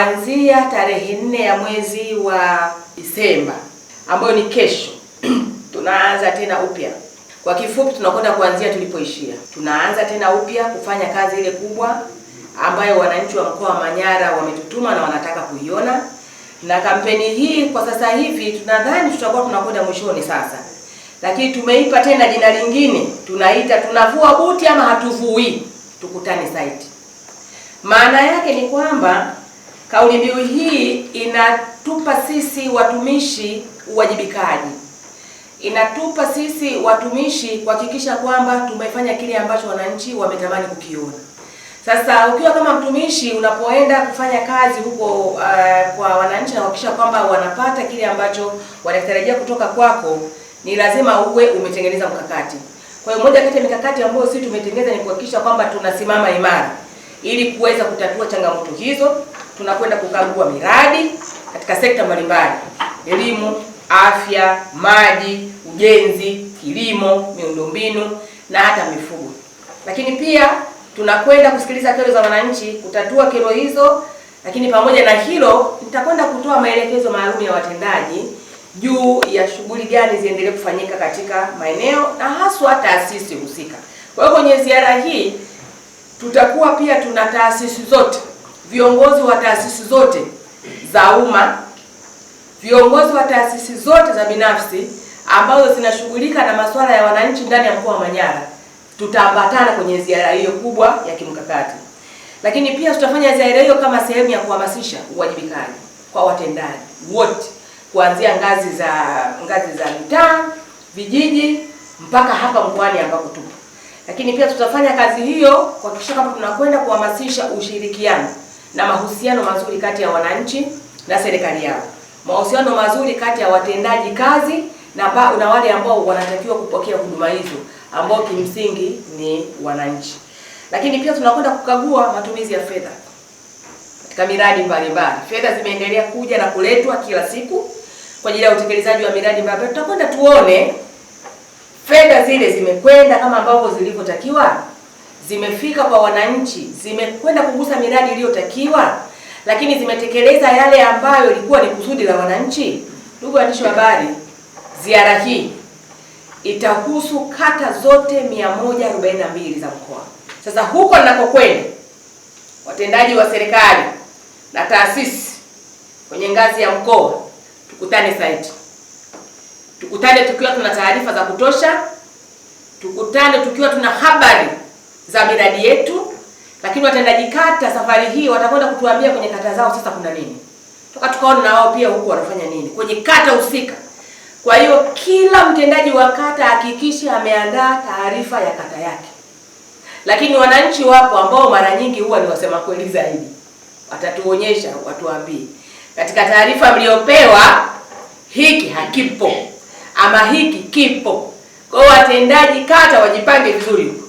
Kuanzia tarehe nne ya mwezi wa Disemba ambayo ni kesho, tunaanza tena upya. Kwa kifupi, tunakwenda kuanzia tulipoishia. Tunaanza tena upya kufanya kazi ile kubwa ambayo wananchi wa mkoa wa Manyara wametutuma na wanataka kuiona, na kampeni hii kwa sasa hivi tunadhani tutakuwa tunakwenda mwishoni sasa, lakini tumeipa tena jina lingine, tunaita tunavua buti ama hatuvui, tukutane site. Maana yake ni kwamba Kauli mbiu hii inatupa sisi watumishi uwajibikaji, inatupa sisi watumishi kuhakikisha kwamba tumefanya kile ambacho wananchi wametamani kukiona. Sasa ukiwa kama mtumishi unapoenda kufanya kazi huko uh, kwa wananchi na kuhakikisha kwamba wanapata kile ambacho wanatarajia kutoka kwako, ni lazima uwe umetengeneza mkakati. Kwa hiyo moja kati ya mikakati ambayo sisi tumetengeneza ni kuhakikisha kwamba tunasimama imara ili kuweza kutatua changamoto hizo tunakwenda kukagua miradi katika sekta mbalimbali: elimu, afya, maji, ujenzi, kilimo, miundombinu na hata mifugo. Lakini pia tunakwenda kusikiliza kero za wananchi, kutatua kero hizo. Lakini pamoja na hilo, nitakwenda kutoa maelekezo maalum ya watendaji juu ya shughuli gani ziendelee kufanyika katika maeneo na haswa taasisi husika. Kwa hiyo kwenye ziara hii tutakuwa pia tuna taasisi zote viongozi wa taasisi zote za umma, viongozi wa taasisi zote za binafsi ambazo zinashughulika na masuala ya wananchi ndani ya mkoa wa Manyara, tutaambatana kwenye ziara hiyo kubwa ya kimkakati. Lakini pia tutafanya ziara hiyo kama sehemu ya kuhamasisha uwajibikaji kwa watendaji wote kuanzia ngazi za ngazi za mitaa, vijiji mpaka hapa mkoani ambako tupo. Lakini pia tutafanya kazi hiyo kuhakikisha kwamba tunakwenda kuhamasisha ushirikiano na mahusiano mazuri kati ya wananchi na serikali yao, mahusiano mazuri kati ya watendaji kazi na, na wale ambao wanatakiwa kupokea huduma hizo ambao kimsingi ni wananchi. Lakini pia tunakwenda kukagua matumizi ya fedha katika miradi mbalimbali. Fedha zimeendelea kuja na kuletwa kila siku kwa ajili ya utekelezaji wa miradi mbalimbali. Tutakwenda tuone fedha zile zimekwenda kama ambavyo zilivyotakiwa zimefika kwa wananchi, zimekwenda kugusa miradi iliyotakiwa, lakini zimetekeleza yale ambayo ilikuwa ni kusudi la wananchi. Ndugu waandishi wa habari, ziara hii itahusu kata zote 142 za mkoa. Sasa huko ninakokwenda, watendaji wa serikali na taasisi kwenye ngazi ya mkoa, tukutane site, tukutane tukiwa tuna taarifa za kutosha, tukutane tukiwa tuna habari za miradi yetu, lakini watendaji kata safari hii watakwenda kutuambia kwenye kata zao sasa kuna nini, toka tukaona na wao pia huku wanafanya nini kwenye kata husika. Kwa hiyo kila mtendaji wa kata hakikishe ameandaa taarifa ya kata yake, lakini wananchi wapo ambao mara nyingi huwa ni wasema kweli zaidi, watatuonyesha watuambie, katika taarifa mliopewa hiki hakipo ama hiki kipo. Kwa hiyo watendaji kata wajipange vizuri.